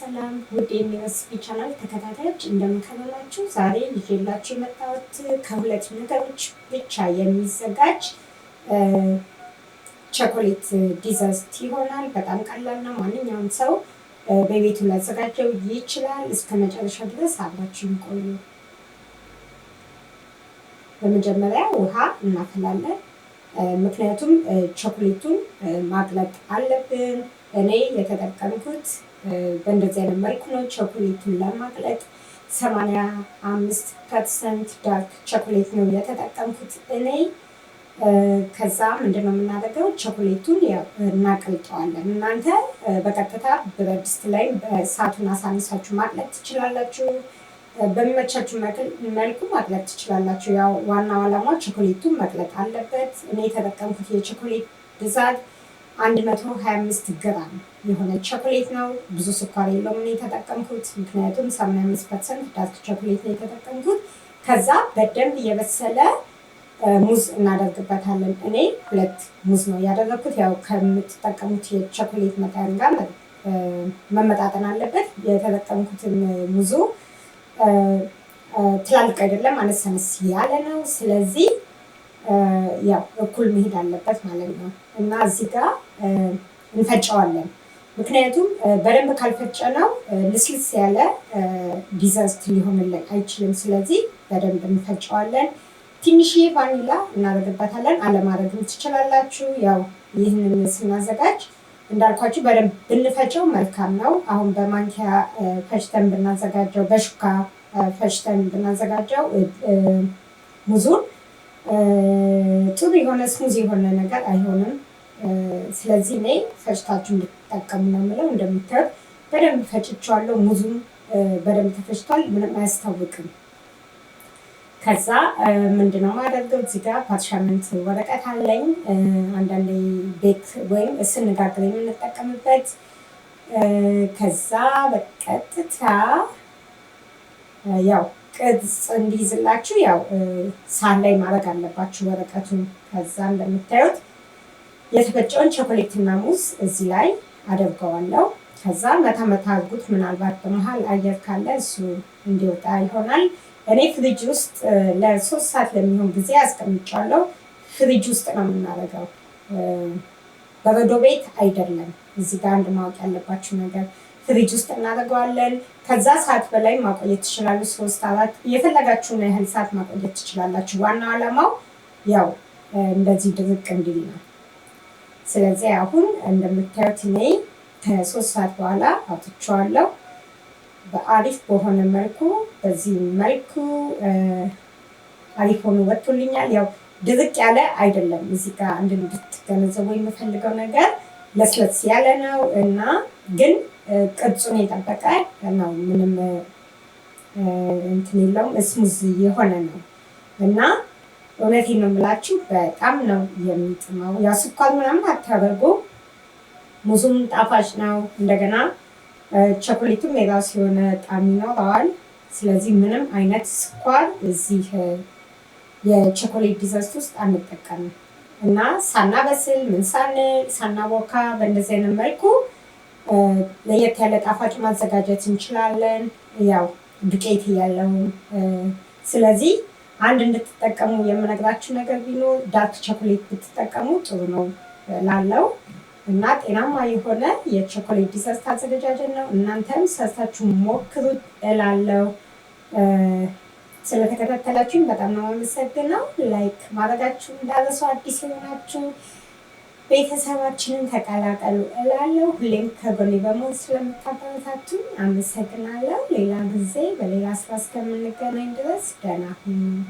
ሰላም ውድ የሚመስቢ ቻናል ተከታታዮች እንደምንከበላችሁ፣ ዛሬ ይዤላችሁ የመጣሁት ከሁለት ነገሮች ብቻ የሚዘጋጅ ቸኮሌት ዲዘርት ይሆናል። በጣም ቀላል ነው። ማንኛውም ሰው በቤቱ ሊያዘጋጀው ይችላል። እስከ መጨረሻ ድረስ አብራችሁን ቆዩ። በመጀመሪያ ውሃ እናፈላለን፣ ምክንያቱም ቸኮሌቱን ማቅለጥ አለብን። እኔ የተጠቀምኩት በእንደዚህ አይነት መልኩ ነው። ቸኮሌቱን ለማቅለጥ ሰማንያ አምስት ፐርሰንት ዳርክ ቸኮሌት ነው የተጠቀምኩት እኔ። ከዛ ምንድነው የምናደርገው? ቸኮሌቱን እናቅልጠዋለን። እናንተ በቀጥታ ብረት ላይ በእሳቱን አሳንሳችሁ ማቅለጥ ትችላላችሁ። በሚመቻችሁ መልኩ ማቅለጥ ትችላላችሁ። ያው ዋናው ዓላማ ቸኮሌቱን መቅለጥ አለበት። እኔ የተጠቀምኩት የቸኮሌት ብዛት 125 ግራም የሆነ ቸኮሌት ነው። ብዙ ስኳር የለውም ነው የተጠቀምኩት፣ ምክንያቱም 85 ፐርሰንት ዳርክ ቸኮሌት ነው የተጠቀምኩት። ከዛ በደንብ የበሰለ ሙዝ እናደርግበታለን። እኔ ሁለት ሙዝ ነው ያደረግኩት። ያው ከምትጠቀሙት የቸኮሌት መጠን ጋር መመጣጠን አለበት። የተጠቀምኩትን ሙዙ ትላልቅ አይደለም፣ አነስ ያለ ነው። ስለዚህ ያው እኩል መሄድ አለበት ማለት ነው እና እዚህ ጋር እንፈጨዋለን። ምክንያቱም በደንብ ካልፈጨነው ልስልስ ያለ ዲዘርት ሊሆንልን አይችልም። ስለዚህ በደንብ እንፈጨዋለን። ትንሽዬ ቫኒላ እናደርግበታለን። አለማድረግም ትችላላችሁ። ያው ይህንን ስናዘጋጅ እንዳልኳችሁ በደንብ ብንፈጨው መልካም ነው። አሁን በማንኪያ ፈጭተን ብናዘጋጀው፣ በሹካ ፈጭተን ብናዘጋጀው ሙዙን ጥሩ የሆነ ስሙዝ የሆነ ነገር አይሆንም። ስለዚህ እኔ ፈጭታችሁ እንድትጠቀሙ ነው የምለው። እንደምታዩት በደንብ ፈጭቼዋለሁ። ሙዙም በደንብ ተፈጭቷል። ምንም አያስታውቅም። ከዛ ምንድነው ማደርገው እዚህ ጋር ፓርሻመንት ወረቀት አለኝ። አንዳንዴ ቤት ወይም ስንጋግር የምንጠቀምበት። ከዛ በቀጥታ ያው ቅርጽ እንዲይዝላችሁ ያው ሳህን ላይ ማድረግ አለባችሁ ወረቀቱን። ከዛ እንደምታዩት የተፈጨውን ቸኮሌትና ሙዝ እዚህ ላይ አደርገዋለሁ። ከዛ መታ መታ አድርጉት። ምናልባት በመሀል አየር ካለ እሱ እንዲወጣ ይሆናል። እኔ ፍሪጅ ውስጥ ለሶስት ሰዓት ለሚሆን ጊዜ አስቀምጫለሁ። ፍሪጅ ውስጥ ነው የምናደርገው፣ በረዶ ቤት አይደለም። እዚህ ጋር አንድ ማወቅ ያለባችሁ ነገር ፍሪጅ ውስጥ እናደርገዋለን። ከዛ ሰዓት በላይ ማቆየት ትችላሉ። ሶስት አራት የፈለጋችሁን ያህል ሰዓት ማቆየት ትችላላችሁ። ዋናው ዓላማው ያው እንደዚህ ድርቅ እንዲል ነው። ስለዚህ አሁን እንደምታዩት እኔ ከሶስት ሰዓት በኋላ አውጥቼዋለሁ። በአሪፍ በሆነ መልኩ በዚህ መልኩ አሪፍ ሆኖ ወጥቶልኛል። ያው ድርቅ ያለ አይደለም። እዚህ ጋር እንድትገነዘቡ የምፈልገው ነገር ለስለስ ያለ ነው እና ግን ቅርጹን የጠበቀ ነው። ምንም እንትን የለውም። እስሙዝ የሆነ ነው እና እውነት ነው የምላችሁ በጣም ነው የሚጥመው። ያ ስኳር ምናምን አታደርጎ ሙዙም ጣፋጭ ነው። እንደገና ቸኮሌቱም የራሱ የሆነ ጣዕም ይኖረዋል። ስለዚህ ምንም አይነት ስኳር እዚህ የቸኮሌት ዲዘርት ውስጥ አንጠቀምም። እና ሳናበስል ምን ሳንል ሳናቦካ በእንደዚህ አይነት መልኩ ለየት ያለ ጣፋጭ ማዘጋጀት እንችላለን። ያው ዱቄት እያለው ስለዚህ አንድ እንድትጠቀሙ የምነግራችሁ ነገር ቢኖር ዳርክ ቸኮሌት ብትጠቀሙ ጥሩ ነው ላለው እና ጤናማ የሆነ የቸኮሌት ዲሰርት አዘገጃጀት ነው። እናንተም ሰርታችሁ ሞክሩት እላለው። ስለተከታተላችሁኝ በጣም ነው አመሰግነው። ላይክ ማድረጋችሁ እንዳረሱ አዲስ የሆናችሁ ቤተሰባችንን ተቀላቀሉ እላለሁ። ሁሌም ከጎኔ በመሆን ስለምታበረታቱኝ አመሰግናለሁ። ሌላ ጊዜ በሌላ ስራ እስከምንገናኝ ድረስ ደህና ሁኑ።